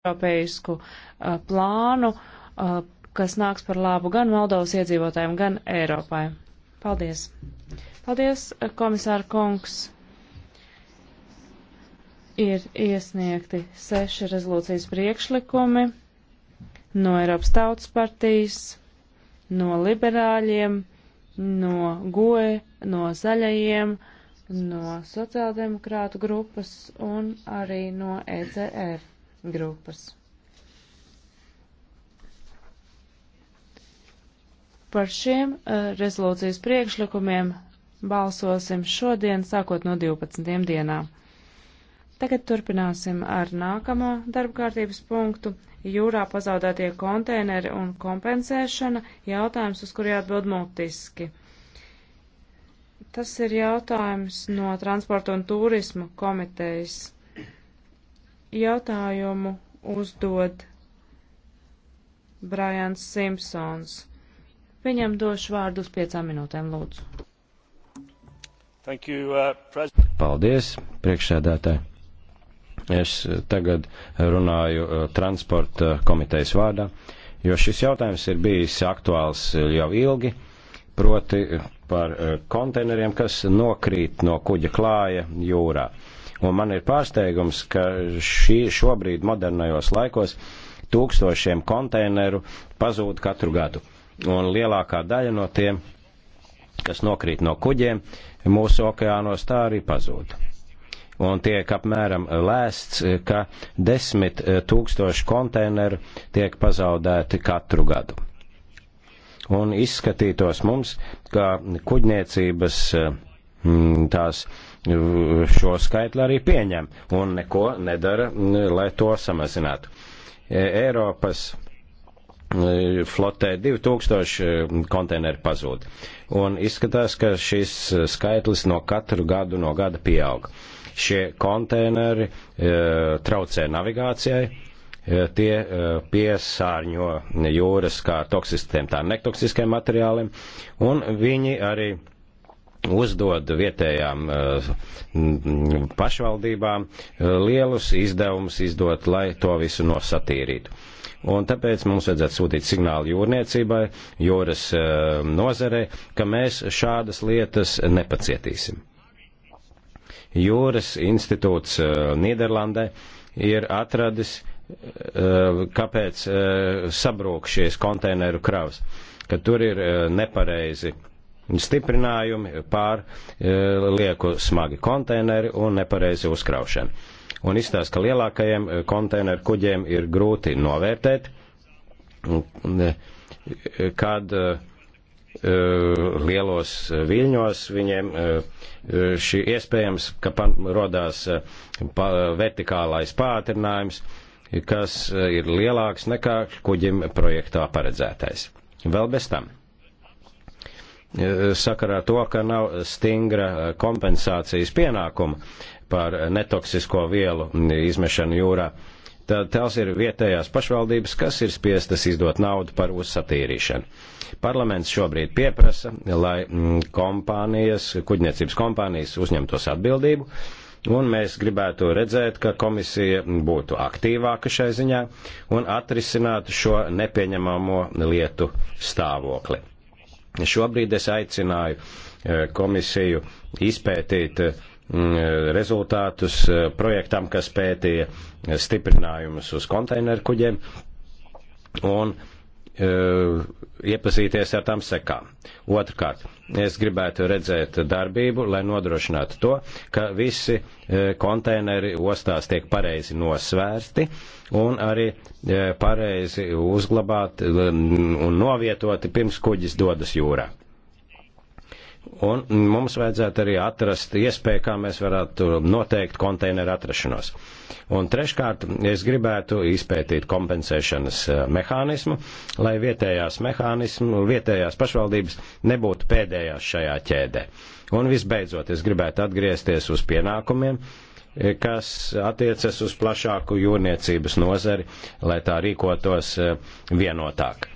Eiropeisku uh, plānu, uh, kas nāks par labu gan Moldovas iedzīvotājiem, gan Eiropai. Paldies! Paldies, uh, komisāra kungs! Ir iesniegti seši rezolūcijas priekšlikumi no Eiropas Tautas partijas, no liberāļiem, no goe, no zaļajiem, no sociāldemokrātu grupas un arī no ECR grupas. Par šiem uh, rezolūcijas priekšlikumiem balsosim šodien, sākot no 12. dienā. Tagad turpināsim ar nākamo darbkārtības punktu - jūrā pazaudētie konteineri un kompensēšana - jautājums, uz kuru jāatbild mutiski. Tas ir jautājums no Transporta un turisma komitejas jautājumu uzdod Brians Simpsons. Viņam došu vārdu uz piecām minūtēm, lūdzu. Thank you, uh, Paldies, priekšsēdētāji. Es uh, tagad runāju uh, transporta uh, komitejas vārdā, jo šis jautājums ir bijis aktuāls uh, jau ilgi, proti par konteineriem, kas nokrīt no kuģa klāja jūrā. Uh, Un man ir pārsteigums, ka šī šobrīd modernajos laikos tūkstošiem konteineru pazūd katru gadu. Un lielākā daļa no tiem, kas nokrīt no kuģiem, mūsu okeānos tā arī pazūd. Un tiek apmēram lēsts, ka desmit e, tūkstoši konteineru tiek pazaudēti katru gadu. Un izskatītos mums, ka kuģniecības e, tās šo skaitli arī pieņem un neko nedara, lai to samazinātu. E, Eiropas e, flotē 2000 e, konteineri pazūd. Un izskatās, ka šis skaitlis no katru gadu no gada pieaug. Šie konteineri e, traucē navigācijai, e, tie e, piesārņo jūras kā toksiskiem, tā netoksiskiem materiāliem, un viņi arī e, uzdod vietējām eh, pašvaldībām eh, lielus izdevumus izdot, lai to visu nosatīrītu. Un tāpēc mums vajadzētu sūtīt signālu jūrniecībai, jūras eh, nozarei, ka mēs šādas lietas nepacietīsim. Jūras institūts Nīderlandē ir atradis, kāpēc sabrūk šīs konteineru kravas, ka tur ir nepareizi stiprinājumi pār e, lieku smagi konteineri un nepareizi uzkraušana. Un izstāsta, ka lielākajiem e, konteineru kuģiem ir grūti novērtēt, e, kad lielos viļņos viņiem šī iespējams, ka rodās vertikālais pātrinājums, kas ir lielāks nekā kuģim projektā paredzētais. Vēl bez tam E, sakarā to, ka nav stingra kompensācijas pienākuma par netoksisko vielu izmešanu jūrā. Tad tās ir vietējās pašvaldības, kas ir spiestas izdot naudu par uzsatīrīšanu. Parlaments šobrīd pieprasa, lai mm, kompānijas, kuģniecības kompānijas uzņemtos atbildību, un mēs gribētu redzēt, ka komisija būtu aktīvāka šai ziņā un atrisinātu šo nepieņemamo lietu stāvokli Šobrīd es aicināju e, komisiju izpētīt e, rezultātus e, projektam, kas pētīja stiprinājumus uz konteineru kuģiem un uh, Eh, iepazīties ar tam sekām. Otrkārt, es gribētu redzēt darbību, lai nodrošinātu to, ka visi eh, konteineri ostās tiek pareizi nosvērsti un arī eh, pareizi uzglabāti un novietoti pirms kuģis dodas jūrā. Un mums vajadzētu arī atrast iespēju, kā mēs varētu noteikt konteineru atrašanos. Un treškārt, es gribētu izpētīt kompensēšanas e, mehānismu, lai vietējās mehānismu, vietējās pašvaldības nebūtu pēdējās šajā ķēdē. Un visbeidzot, es gribētu atgriezties uz pienākumiem, e, kas attiecas uz plašāku jūrniecības nozari, lai tā rīkotos e, vienotāk.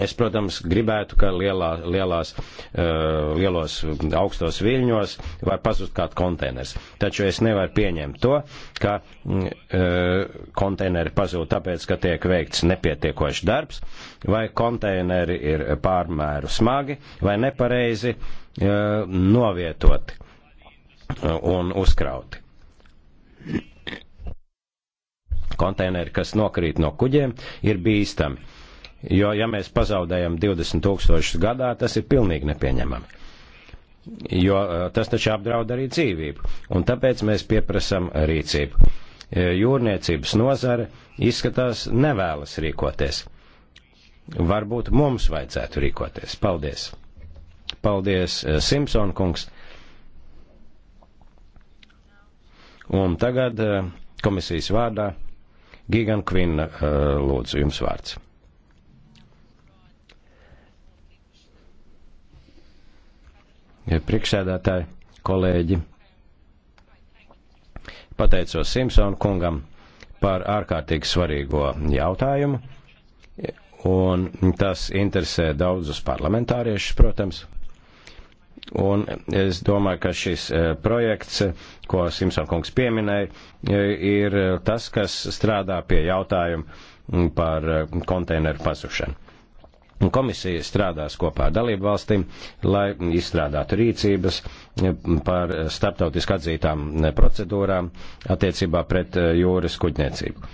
Es, protams, gribētu, ka lielā, lielās, uh, lielos augstos viļņos var pazust kāds konteiners. Taču es nevaru pieņemt to, ka uh, konteineri pazūd tāpēc, ka tiek veikts nepietiekošs darbs, vai konteineri ir pārmēru smagi vai nepareizi uh, novietoti un uzkrauti. Konteineri, kas nokrīt no kuģiem, ir bīstami Jo, ja mēs pazaudējam 20 tūkstošus gadā, tas ir pilnīgi nepieņemami. Jo eh, tas taču apdraud arī dzīvību. Un tāpēc mēs pieprasam rīcību. Eh, jūrniecības nozare izskatās nevēlas rīkoties. Varbūt mums vajadzētu rīkoties. Paldies! Paldies, eh, Simpson kungs! Un tagad komisijas vārdā Gigan Kvinna lūdzu jums vārds. priekšsēdētāji, kolēģi. Pateicos Simpsonu kungam par ārkārtīgi svarīgo jautājumu, un tas interesē daudzus parlamentāriešus, protams. Un es domāju, ka šis eh, projekts, ko Simpson kungs pieminēja, eh, ir tas, kas strādā pie jautājuma par eh, konteineru pazušanu. Un komisija strādās kopā ar dalību valstīm, lai izstrādātu rīcības eh, par starptautiski atzītām eh, procedūrām attiecībā pret eh, jūras kuģniecību.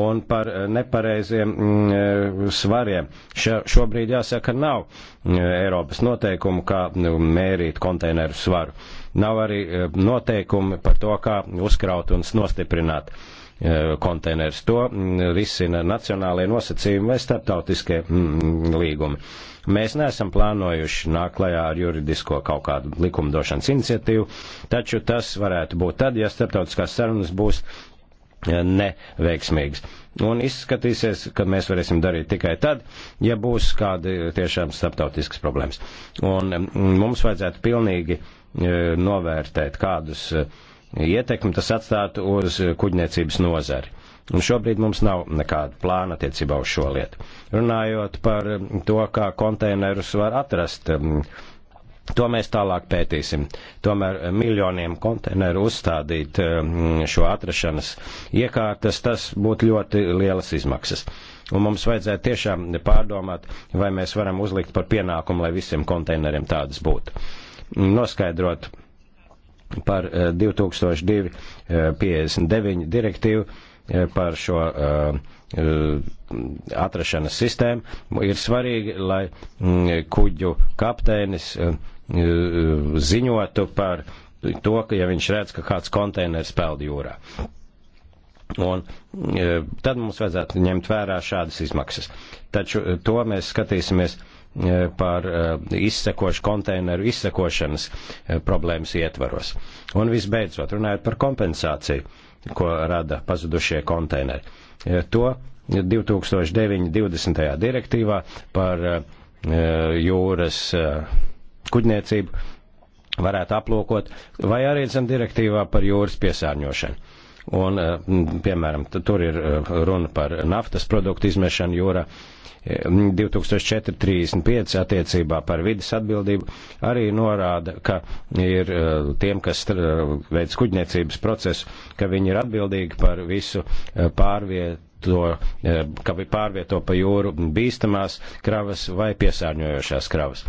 Un par nepareiziem mm, svariem. Šobrīd jāsaka, nav Eiropas noteikumu, kā nu, mērīt konteineru svaru. Nav arī noteikumi par to, kā uzkraut un nostiprināt uh, Eh, konteinerus. To mm, risina nacionālie nosacījumi vai starptautiskie mm, līgumi. Mēs neesam plānojuši nākt klajā ar juridisko kaut kādu likumdošanas iniciatīvu, taču tas varētu būt tad, ja starptautiskās sarunas būs eh, neveiksmīgas. Un izskatīsies, ka mēs varēsim darīt tikai tad, ja būs kādi tiešām starptautiskas problēmas. Un mm, mums vajadzētu pilnīgi eh, novērtēt kādus uh, ietekmi tas atstātu uz kuģniecības nozari. Un šobrīd mums nav nekāda plāna attiecībā uz šo lietu. Runājot par um, to, kā konteinerus var atrast, um, to mēs tālāk pētīsim. Tomēr um, miljoniem konteineru uzstādīt šo atrašanas iekārtas, tas būtu ļoti lielas izmaksas. Un mums vajadzētu tiešām pārdomāt, vai mēs varam uzlikt par pienākumu, lai visiem konteineriem tādas būtu. Noskaidrot par 2002-59 eh, eh, direktīvu eh, par šo atrašanas sistēmu ir svarīgi, lai mm, kuģu kapteinis ziņotu par to, ka ja viņš redz, ka kāds konteiners peld jūrā. Un tad mums vajadzētu ņemt vērā šādas izmaksas. Taču to mēs skatīsimies E, par e, izsekošu konteineru izsekošanas e, problēmas ietvaros. Un visbeidzot, runājot par kompensāciju, ko rada pazudušie konteineri. To 2009.20. direktīvā par jūras kuģniecību varētu aplūkot, vai arī zem direktīvā par jūras piesārņošanu. Un, piemēram, tur ir runa par naftas produktu izmešanu jūrā, 2004-35 attiecībā par vidas atbildību arī norāda, ka ir eh, tiem, kas eh, veids kuģniecības procesu, ka viņi ir atbildīgi par visu eh, pārvieto, ka pārvieto pa jūru bīstamās kravas vai piesārņojošās kravas.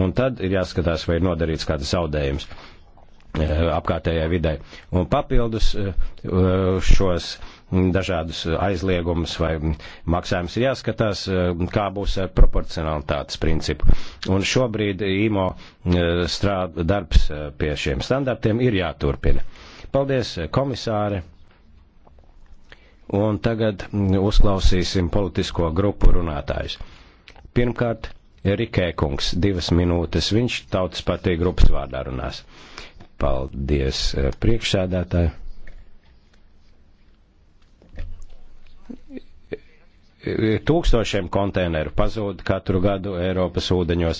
Un tad ir jāskatās, vai ir nodarīts kāds zaudējums apkārtējai vidai. Un papildus šos dažādus aizliegumus vai maksājumus ir jāskatās, eh, kā būs ar proporcionalitātes principu. Un šobrīd IMO eh, strād, darbs eh, pie šiem standartiem ir jāturpina. Paldies, komisāri! Un tagad mm, uzklausīsim politisko grupu runātājus. Pirmkārt, Rikē kungs, divas minūtes, viņš tautas partija grupas vārdā runās. Paldies, priekšsēdētāji! tūkstošiem konteineru pazūd katru gadu Eiropas ūdeņos.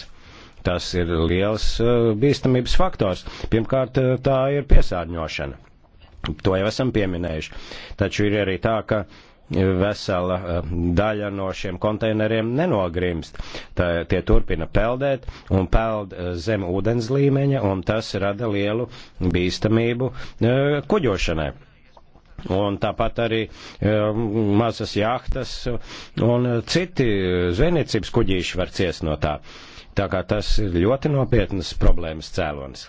Tas ir liels eh, bīstamības faktors. Pirmkārt, eh, tā ir piesārņošana. To jau esam pieminējuši. Taču ir arī tā, ka vesela eh, daļa no šiem konteineriem nenogrimst. Tā, tie turpina peldēt un peld zem ūdens līmeņa, un tas rada lielu bīstamību kuģošanai un tāpat arī e, mazas jahtas un citi zvejniecības kuģīši var ciest no tā. Tā kā tas ir ļoti nopietnas problēmas cēlonis.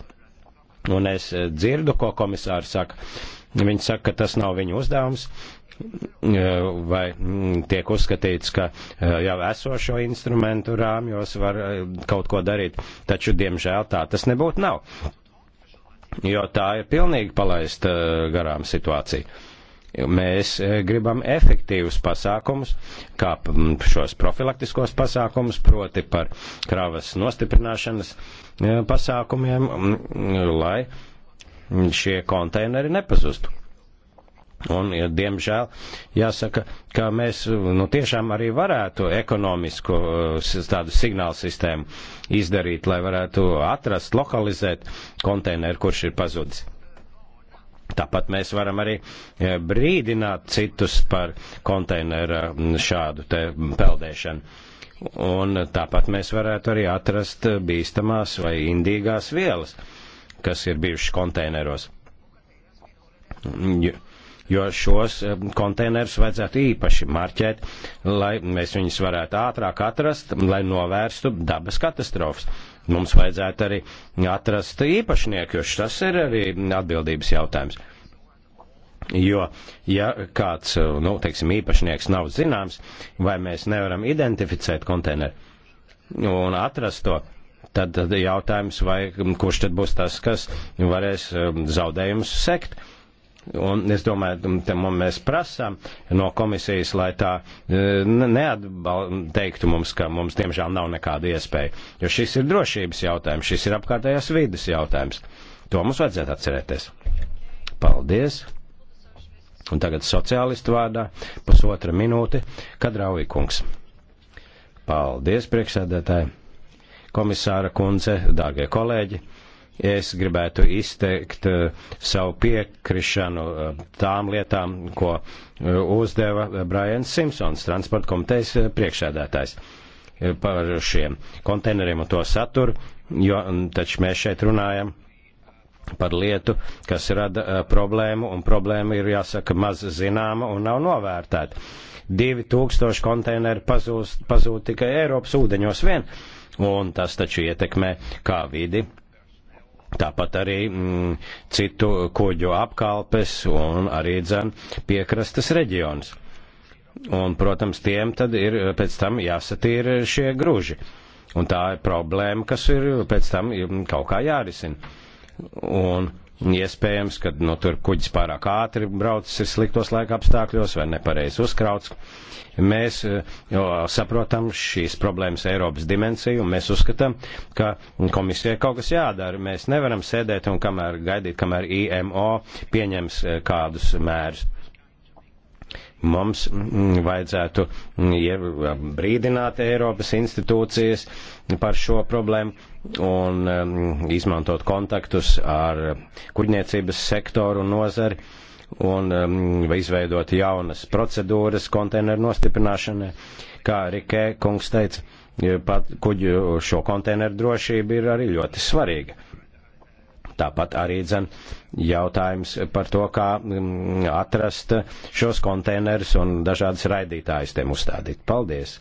Un es dzirdu, ko komisāri saka. Viņi saka, ka tas nav viņu uzdevums, e, vai tiek uzskatīts, ka e, jau esošo instrumentu rāmjos var kaut ko darīt, taču, diemžēl, tā tas nebūtu nav jo tā ir pilnīgi palaista eh, garām situācija. Mēs eh, gribam efektīvus pasākumus, kā mm, šos profilaktiskos pasākumus, proti par kravas nostiprināšanas eh, pasākumiem, mm, lai šie konteineri nepazustu. Un, ja, diemžēl, jāsaka, ka mēs nu, tiešām arī varētu ekonomisku tādu signālu sistēmu izdarīt, lai varētu atrast, lokalizēt konteineru, kurš ir pazudis. Tāpat mēs varam arī e, brīdināt citus par konteineru šādu te peldēšanu. Un tāpat mēs varētu arī atrast bīstamās vai indīgās vielas, kas ir bijušas konteineros. Ja jo šos konteinerus vajadzētu īpaši marķēt, lai mēs viņus varētu ātrāk atrast, lai novērstu dabas katastrofas. Mums vajadzētu arī atrast īpašnieku, jo tas ir arī atbildības jautājums. Jo, ja kāds, nu, teiksim, īpašnieks nav zināms, vai mēs nevaram identificēt konteineru un atrast to, tad jautājums, vai kurš tad būs tas, kas varēs zaudējumus sekt. Uh, Un es domāju, te mēs prasām no komisijas, lai tā e, neatteiktu mums, ka mums diemžēl nav nekāda iespēja. Jo šis ir drošības jautājums, šis ir apkārtējās vidas jautājums. To mums vajadzētu atcerēties. Paldies! Un tagad sociālistu vārdā pusotra minūte, kad Raujkungs. Paldies, priekšsēdētāji, komisāra kundze, dārgie kolēģi! Es gribētu izteikt eh, savu piekrišanu eh, tām lietām, ko eh, uzdeva Brians Simpsons, transporta komitejas priekšsēdētājs par šiem konteineriem un to saturu, jo mm, taču mēs šeit runājam par lietu, kas rada problēmu, un problēma ir, jāsaka, maz zināma un nav novērtēta. 2000 konteineru pazūd tikai Eiropas ūdeņos vien, un tas taču ietekmē kā vidi, Tāpat arī m, mm, citu kuģu apkalpes un arī dzen piekrastes reģions. Un, protams, tiem tad ir pēc tam jāsatīra šie gruži. Un tā ir problēma, kas ir pēc tam mm, kaut kā jārisina. Un Iespējams, ka no nu, tur kuģis pārāk ātri braucis ir sliktos laika apstākļos vai nepareizi uzkrauts. Mēs eh, jo, saprotam šīs problēmas Eiropas dimensiju un mēs uzskatām, ka komisijai kaut kas jādara. Mēs nevaram sēdēt un kamēr gaidīt, kamēr IMO pieņems eh, kādus mērus. Mums mm, vajadzētu mm, brīdināt Eiropas institūcijas par šo problēmu un mm, izmantot kontaktus ar kuģniecības sektoru un nozari un izveidot jaunas procedūras konteineru nostiprināšanai. Kā Rikē kungs teica, pat kuģu šo konteineru drošība ir arī ļoti svarīga. Tāpat arī dzen jautājums par to, kā mm, atrast šos konteinerus un dažādas raidītājas tiem uzstādīt. Paldies!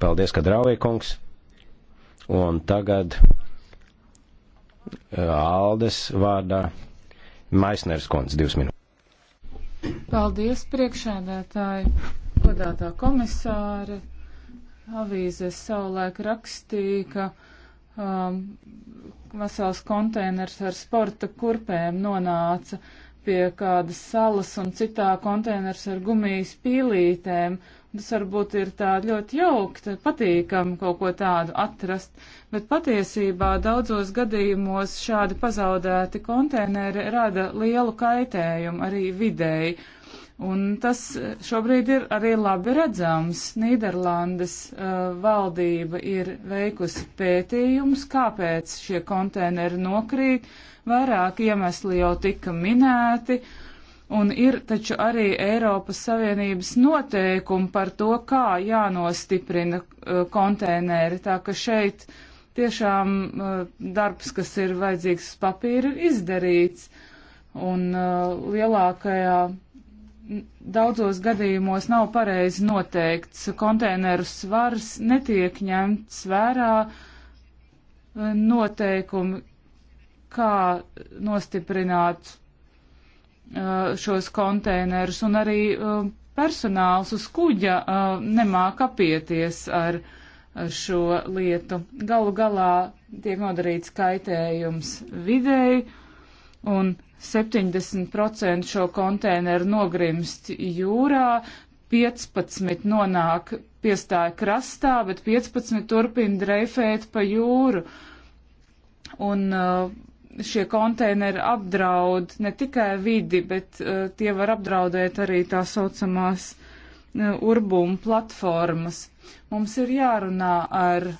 Paldies, ka draujie kungs! Un tagad eh, Aldes vārdā Maisners kundze, divas minūtes. Paldies, priekšēdētāji, godātā komisāre. Avīzes savulaik rakstīja, ka um, vesels konteiners ar sporta kurpēm nonāca pie kādas salas un citā konteiners ar gumijas pīlītēm. Tas varbūt ir tā ļoti jaukta, patīkam kaut ko tādu atrast, bet patiesībā daudzos gadījumos šādi pazaudēti konteineri rada lielu kaitējumu arī videi Un tas eh, šobrīd ir arī labi redzams. Nīderlandes uh, valdība ir veikusi pētījums, kāpēc šie konteineri nokrīt. Vairāk iemesli jau tika minēti. Un ir taču arī Eiropas Savienības noteikumi par to, kā jānostiprina uh, konteineri. Tā ka šeit tiešām uh, darbs, kas ir vajadzīgs uz papīra, ir izdarīts. Un uh, lielākajā daudzos gadījumos nav pareizi noteikts. Konteineru svars netiek ņemts vērā e, noteikumi, kā nostiprināt e, šos konteinerus, un arī e, personāls uz kuģa nemāk apieties ar šo lietu. Galu galā tiek nodarīts kaitējums videi un 70% šo konteineru nogrimst jūrā, 15 nonāk piestāja krastā, bet 15 turpina dreifēt pa jūru. Un uh, šie konteineri apdraud ne tikai vidi, bet uh, tie var apdraudēt arī tā saucamās uh, urbuma platformas. Mums ir jārunā ar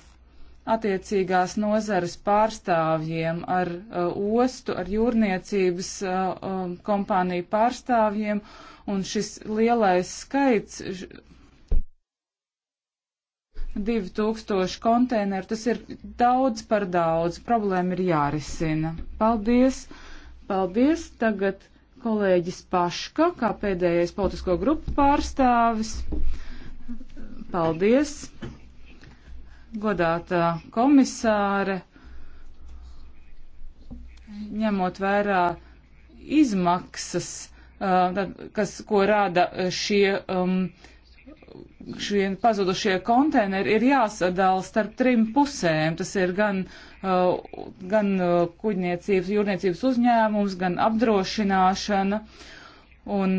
attiecīgās nozares pārstāvjiem, ar uh, ostu, ar jūrniecības uh, um, kompāniju pārstāvjiem, un šis lielais skaits 2000 konteineru, tas ir daudz par daudz, problēma ir jārisina. Paldies, paldies, tagad kolēģis Paška, kā pēdējais politisko grupu pārstāvis. Paldies! godātā komisāre, ņemot vērā izmaksas, uh, kas, ko rāda šie, um, šie pazudušie konteineri, ir jāsadala starp trim pusēm. Tas ir gan, uh, gan uh, kuģniecības, jūrniecības uzņēmums, gan apdrošināšana. Un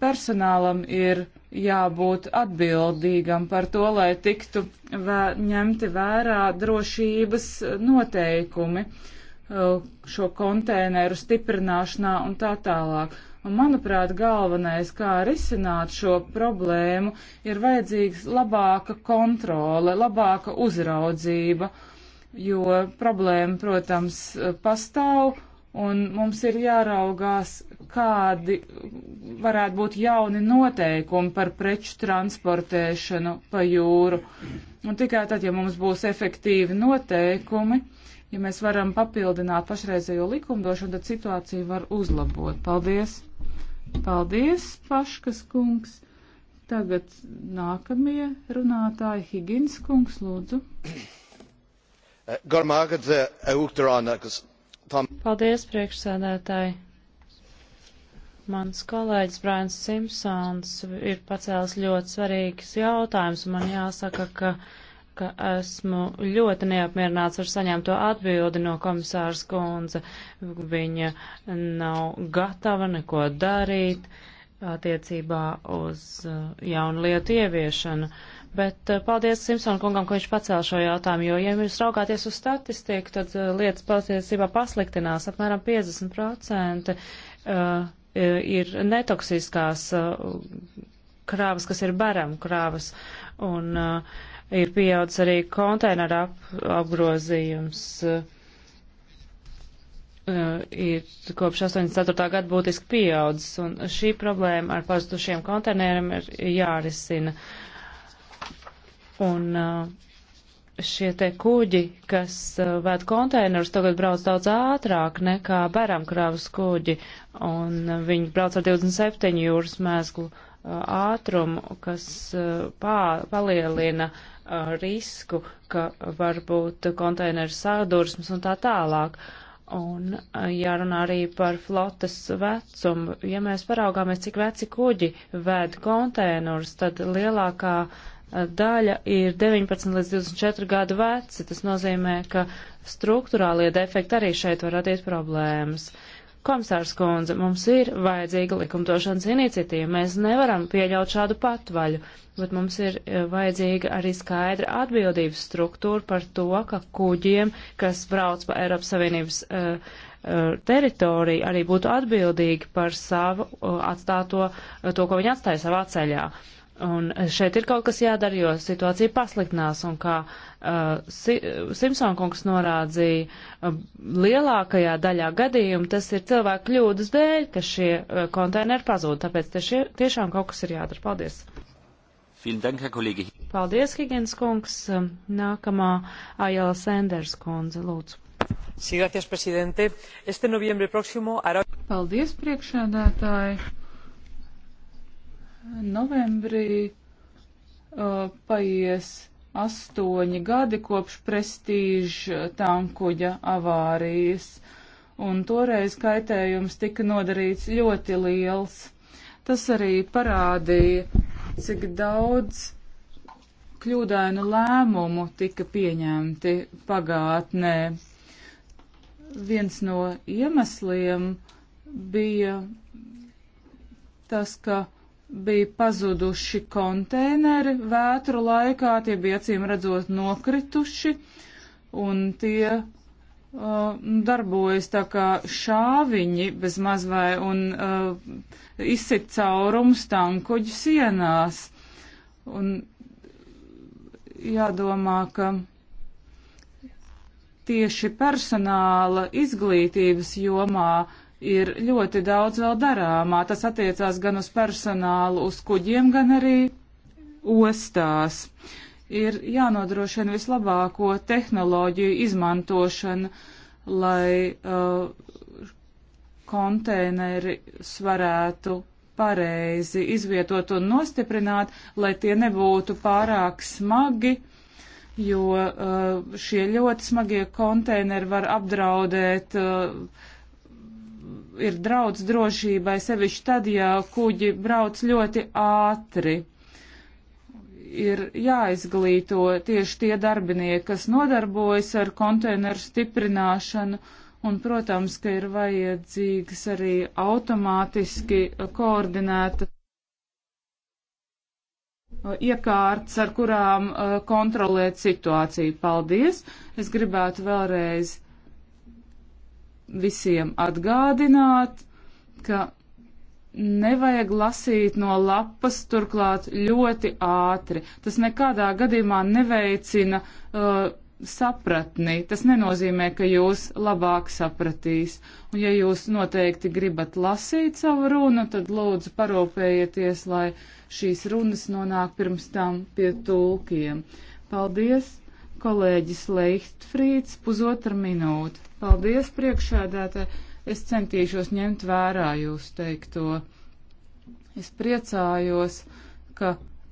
personālam ir jābūt atbildīgam par to, lai tiktu vē, ņemti vērā drošības noteikumi eh, šo konteineru stiprināšanā un tā tālāk. Un, manuprāt, galvenais, kā risināt šo problēmu, ir vajadzīgs labāka kontrole, labāka uzraudzība, jo problēma, protams, pastāv un mums ir jāraugās, kādi varētu būt jauni noteikumi par preču transportēšanu pa jūru. Un tikai tad, ja mums būs efektīvi noteikumi, ja mēs varam papildināt pašreizējo likumdošanu, tad situāciju var uzlabot. Paldies! Paldies, Paškas kungs! Tagad nākamie runātāji Higins kungs, lūdzu. Garmāgadze, Eukturānakas. Paldies, priekšsēdētāji. Mans kolēģis Brains Simpsons ir pacēlis ļoti svarīgs jautājums. Man jāsaka, ka, ka esmu ļoti neapmierināts ar saņemto atbildi no komisārs Kunze. Viņa nav gatava neko darīt attiecībā uz uh, jaunu lietu ieviešanu. Uh, Bet eh, paldies Simpsona kungam, ka viņš pacēla šo jautājumu, jo, ja jūs raugāties uz statistiku, tad eh, lietas patiesībā pasliktinās apmēram 50% eh, ir netoksiskās krāvas, kas ir baram krāvas, un ir pieaudzis arī konteineru ap, apgrozījums. Ir kopš 84. gada būtiski pieaudzis, un šī problēma ar pazudušiem konteineriem ir jārisina. Uh, Un uh, šie te kuģi, kas uh, vēd konteinerus, tagad brauc daudz ātrāk nekā bēramkrāvas kuģi, un uh, viņi brauc ar 27 jūras mēslu ātrumu, kas pā, palielina risku, ka varbūt konteineru sādursmes un tā tālāk. Un jārunā arī par flotas vecumu. Ja mēs paraugāmies, cik veci kuģi vēd konteinerus, tad lielākā uh, daļa ir 19 līdz 24 gadu veci. Tas nozīmē, ka struktūrālie defekti arī šeit var radīt problēmas. Komisārs kundze, mums ir vajadzīga likumdošanas iniciatīva. Mēs nevaram pieļaut šādu patvaļu, bet mums ir eh, vajadzīga arī skaidra atbildības struktūra par to, ka kuģiem, kas brauc pa Eiropas Savienības uh, teritoriju, arī būtu atbildīgi par savu uh, atstāto, uh, to, ko viņi atstāja savā ceļā. Uh, Un šeit ir kaut kas jādara, jo situācija pasliktinās, un kā uh, si Simpsonkungs norādīja, uh, lielākajā daļā gadījumu tas ir cilvēku kļūdas dēļ, ka šie uh, konteineri pazūd, tāpēc tieši, tiešām kaut kas ir jādara. Paldies! Paldies, Higgins kungs! Um, nākamā Ajala Sanders kundze, lūdzu. Paldies, priekšādātāji! Novembrī uh, paies astoņi gadi kopš prestīža tankuģa avārijas, un toreiz kaitējums tika nodarīts ļoti liels. Tas arī parādīja, cik daudz kļūdainu lēmumu tika pieņemti pagātnē. Viens no iemesliem bija tas, ka bija pazuduši konteineri vētru laikā, tie bija acīm redzot nokrituši, un tie uh, darbojas tā kā šāviņi bez mazvai un uh, izsit caurums tankuģu sienās. Un jādomā, ka tieši personāla izglītības jomā ir ļoti daudz vēl darāmā. Tas attiecās gan uz personālu, uz kuģiem, gan arī ostās. Ir jānodrošina vislabāko tehnoloģiju izmantošana, lai uh, konteineri varētu pareizi izvietot un nostiprināt, lai tie nebūtu pārāk smagi, jo uh, šie ļoti smagie konteineri var apdraudēt uh, ir draudz drošībai, sevišķi tad, ja kuģi brauc ļoti ātri. Ir jāizglīto tieši tie darbinieki, kas nodarbojas ar konteineru stiprināšanu, un, protams, ka ir vajadzīgas arī automātiski koordinēta iekārtas, ar kurām eh, kontrolēt situāciju. Paldies! Es gribētu vēlreiz visiem atgādināt, ka nevajag lasīt no lapas, turklāt ļoti ātri. Tas nekādā gadījumā neveicina uh, sapratni. Tas nenozīmē, ka jūs labāk sapratīs. Un ja jūs noteikti gribat lasīt savu runu, tad lūdzu parūpējieties, lai šīs runas nonāk pirms tam pie tulkiem. Paldies! Kolēģis Leichtfrīds, pusotra minūte. Paldies, priekšēdētāji. Es centīšos ņemt vērā jūs teikto. Es priecājos, ka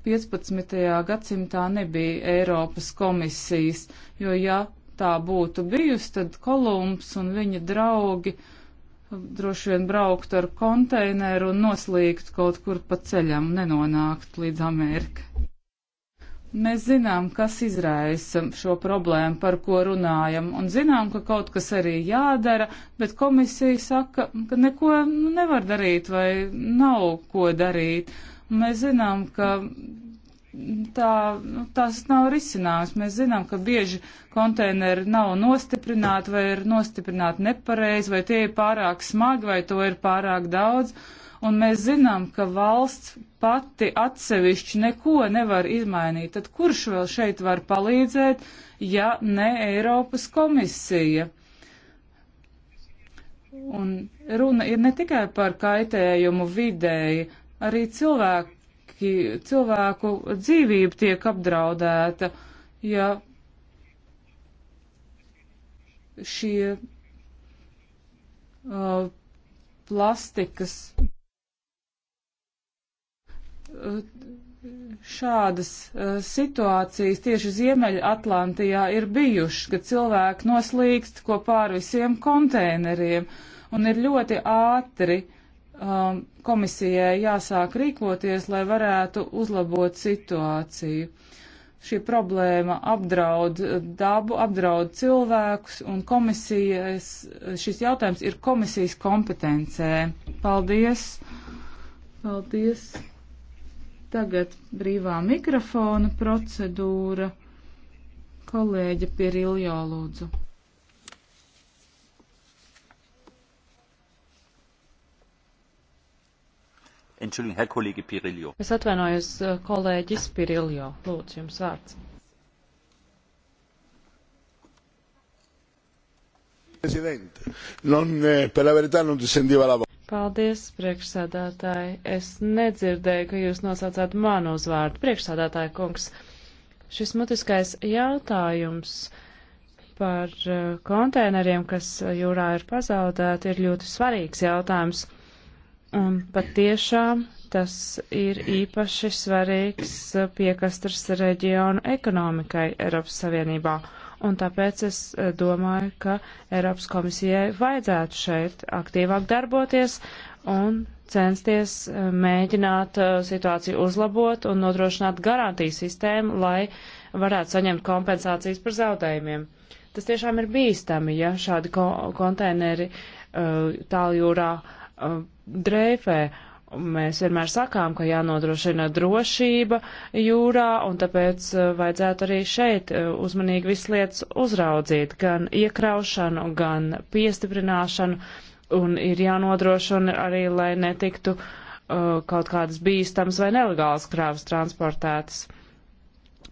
15. gadsimtā nebija Eiropas komisijas, jo ja tā būtu bijusi, tad Kolumbs un viņa draugi droši vien brauktu ar konteineru un noslīgtu kaut kur pa ceļam, nenonākt līdz Amerikai. Mēs zinām, kas izraisa šo problēmu, par ko runājam, un zinām, ka kaut kas arī jādara, bet komisija saka, ka neko nu, nevar darīt vai nav ko darīt. Mēs zinām, ka tā, nu, tas nav risinājums. Mēs zinām, ka bieži konteineri nav nostiprināti vai ir nostiprināti nepareizi, vai tie ir pārāk smagi, vai to ir pārāk daudz. Uh, un mēs zinām, ka valsts pati atsevišķi neko nevar izmainīt, tad kurš vēl šeit var palīdzēt, ja ne Eiropas komisija? Un runa ir ne tikai par kaitējumu vidēji, arī cilvēki, cilvēku dzīvība tiek apdraudēta, ja šie uh, plastikas šādas eh, situācijas tieši Ziemeļatlantijā ir bijušas, kad cilvēki noslīkst kopā ar visiem konteineriem un ir ļoti ātri um, komisijai jāsāk rīkoties, lai varētu uzlabot situāciju. Šī problēma apdraud eh, dabu, apdraud cilvēkus, un komisijas, šis jautājums ir komisijas kompetencē. Paldies! Paldies! Tagad brīvā mikrofona procedūra. Kolēģe Piriljo lūdzu. Es atvainojos, eh, kolēģis Piriljo. Lūdzu, jums vārds. Presidente, non, eh, per la verità non si sentiva la voce. Paldies, priekšsādātāji. Es nedzirdēju, ka jūs nosaucāt manu uzvārdu. Priekšsādātāja kungs, šis mutiskais jautājums par uh, konteineriem, kas uh, jūrā ir pazaudēti, ir ļoti svarīgs jautājums. Un patiešām tas ir īpaši svarīgs uh, piekastras reģionu ekonomikai Eiropas Savienībā un tāpēc es eh, domāju, ka Eiropas komisijai vajadzētu šeit aktīvāk darboties un censties eh, mēģināt eh, situāciju uzlabot un nodrošināt garantiju sistēmu, lai varētu saņemt kompensācijas par zaudējumiem. Tas tiešām ir bīstami, ja šādi ko konteineri uh, tāljūrā uh, dreifē, Mēs vienmēr sakām, ka jānodrošina drošība jūrā, un tāpēc eh, vajadzētu arī šeit eh, uzmanīgi visas lietas uzraudzīt, gan iekraušanu, gan piestiprināšanu, un ir jānodrošina arī, lai netiktu uh, kaut kādas bīstamas vai nelegālas krāvas transportētas.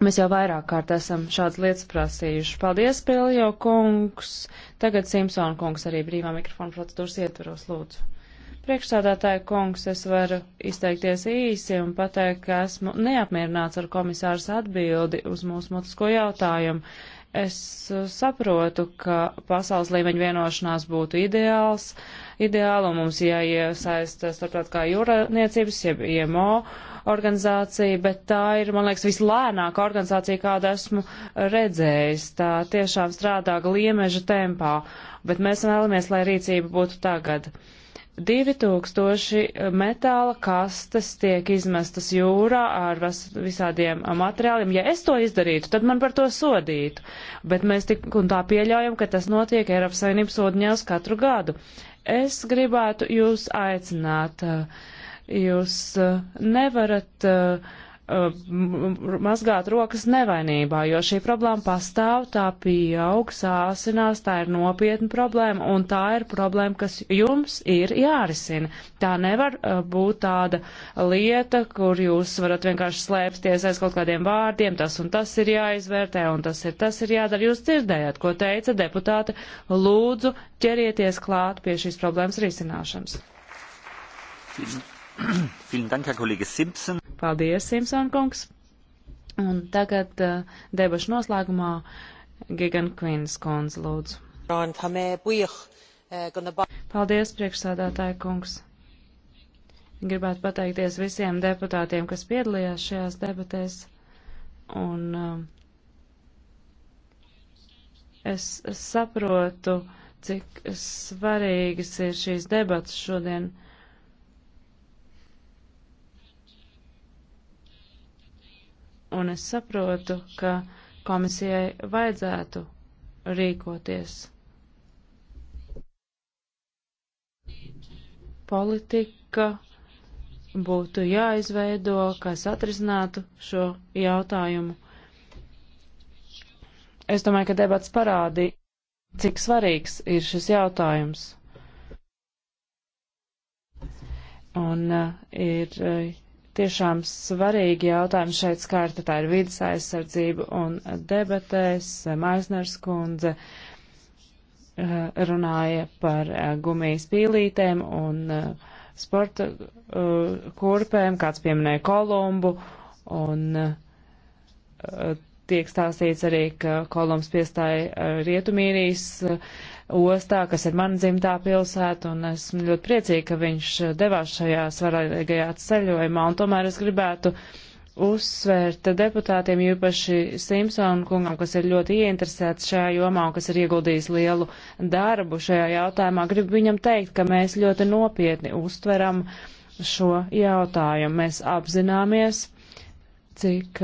Mēs jau vairāk kārt esam šādas lietas prasījuši. Paldies, Piljo kungs! Tagad Simpsona kungs arī brīvā mikrofona procedūras ietvaros, lūdzu. Priekšstādātāja kungs, es varu izteikties īsi un pateikt, ka esmu neapmierināts ar komisārs atbildi uz mūsu mutisko jautājumu. Es uh, saprotu, ka pasaules līmeņa vienošanās būtu ideāls, ideāli, un mums jāiesaista starptautiskā jūrniecības, jeb IMO organizācija, bet tā ir, man liekas, vislēnākā organizācija, kādu esmu redzējis. Tā tiešām strādā gliemeža tempā, bet mēs vēlamies, lai rīcība būtu tagad. Uh, 2000 metāla kastes tiek izmestas jūrā ar visādiem uh, materiāliem. Ja es to izdarītu, tad man par to sodītu. Bet mēs tik un tā pieļaujam, ka tas notiek Eiropas Savienības sodņēs katru gadu. Es gribētu jūs aicināt. Uh, jūs uh, nevarat uh, Uh, mazgāt rokas nevainībā, jo šī problēma pastāv, tā pieaug, sāsinās, tā ir nopietna problēma, un tā ir problēma, kas jums ir jārisina. Tā nevar uh, būt tāda lieta, kur jūs varat vienkārši slēpties aiz kaut kādiem vārdiem, tas un tas ir jāizvērtē, un tas ir, tas ir jādara. Jūs dzirdējāt, ko teica deputāte, lūdzu ķerieties klāt pie šīs problēmas risināšanas. Mm -hmm. Paldies, Simpson kungs. Un tagad uh, debašu noslēgumā Gigan Kvīnas kundze lūdzu. Paldies, priekšsādātāja kungs. Gribētu pateikties visiem deputātiem, kas piedalījās šajās debatēs. Un uh, es, es saprotu, cik svarīgas ir šīs debatas šodien. Uh, un es saprotu, ka komisijai vajadzētu rīkoties. Politika būtu jāizveido, kas atrisinātu šo jautājumu. Es domāju, ka debats parādīja, cik svarīgs ir šis jautājums. Un uh, ir uh, tiešām svarīgi jautājumi šeit skārta. Tā ir vidas aizsardzība un debatēs. Maisners kundze eh, runāja par eh, gumijas pīlītēm un eh, sporta kurpēm, kāds pieminēja Kolumbu. Un tiek stāstīts arī, ka Koloms piestāja eh, Rietumīrijas eh, ostā, kas ir man dzimtā pilsēta, un esmu ļoti priecīga, ka viņš eh, devās šajā svarīgajā ceļojumā, un tomēr es gribētu uzsvērt deputātiem, īpaši Simpsonu kungam, kas ir ļoti ieinteresēts šajā jomā un kas ir ieguldījis lielu darbu šajā jautājumā, gribu viņam teikt, ka mēs ļoti nopietni uztveram šo jautājumu. Mēs apzināmies, uh, cik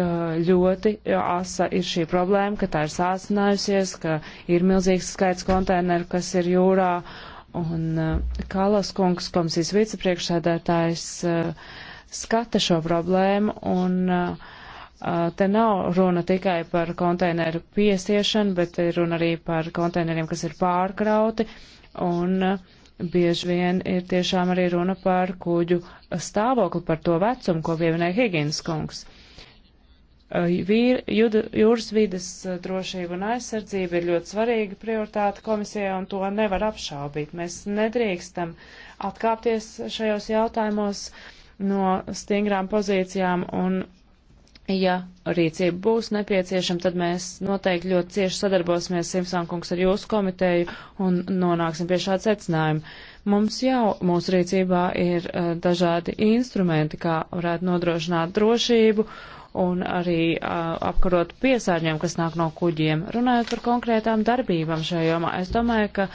ļoti asa ir šī problēma, ka tā ir sāsinājusies, ka ir milzīgs skaits konteineru, kas ir jūrā. Un Kalas kungs, komisijas vicepriekšsēdētājs, skata šo problēmu un te nav runa tikai par konteineru piesiešanu, bet ir runa arī par konteineriem, kas ir pārkrauti un bieži vien ir tiešām arī runa par kuģu stāvokli, par to vecumu, ko pieminēja Higgins kungs. Vīr, juda, jūras vidas drošība un aizsardzība ir ļoti svarīga prioritāte komisijai, un to nevar apšaubīt. Mēs nedrīkstam atkāpties šajos jautājumos no stingrām pozīcijām, un, ja rīcība būs nepieciešama, tad mēs noteikti ļoti cieši sadarbosimies, Simpsonkungs, ar jūsu komiteju un nonāksim pie šāda secinājuma. Mums jau mūsu rīcībā ir uh, dažādi instrumenti, kā varētu nodrošināt drošību un arī uh, apkarot piesārņiem, kas nāk no kuģiem. Runājot par konkrētām darbībām šajā jomā, es domāju, ka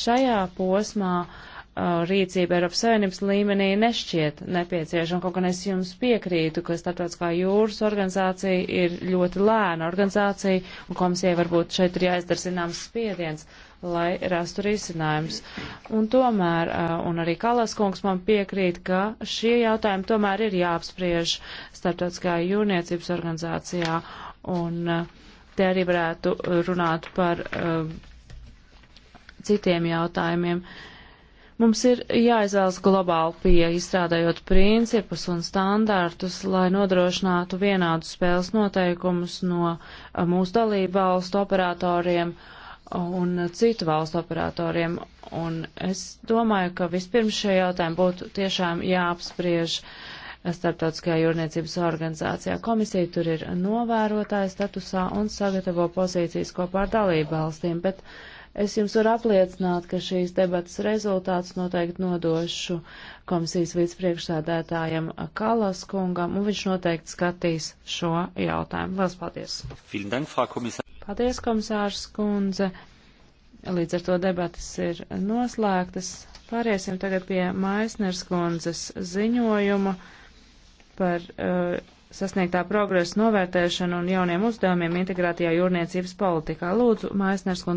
šajā posmā uh, rīcība Eiropas Savienības līmenī nešķiet nepieciešama, kaut gan es jums piekrītu, ka starptautiskā jūras organizācija ir ļoti lēna organizācija, un komisijai varbūt šeit ir jāizdara zināms spiediens. Uh, lai rastu risinājums. Un tomēr, uh, un arī Kalas kungs man piekrīt, ka šie jautājumi tomēr ir jāapspriež starptautiskā jūrniecības organizācijā, un uh, te arī varētu runāt par uh, citiem jautājumiem. Mums ir jāizvēlas globāli pieeja, izstrādājot principus un standārtus, lai nodrošinātu vienādus spēles noteikumus no mūsu dalību valstu operatoriem. Uh, un citu valstu operatoriem. Un es domāju, ka vispirms šie jautājumi būtu tiešām jāapspriež starptautiskajā jūrniecības organizācijā. Komisija tur ir novērotāja statusā un sagatavo pozīcijas kopā ar dalību valstīm, bet es jums varu apliecināt, ka šīs debatas rezultātus noteikti nodošu komisijas vicepriekšsēdētājam Kalas kungam, un viņš noteikti skatīs šo jautājumu. Lielas paldies! Vielen Dank, Frau Kommissar. Paldies, komisārs kundze. Līdz ar to debatas ir noslēgtas. Pāriesim tagad pie Maisners kundzes ziņojuma par uh, sasniegtā progresa novērtēšanu un jauniem uzdevumiem integrētajā jūrniecības politikā. Lūdzu, Maisners kundze.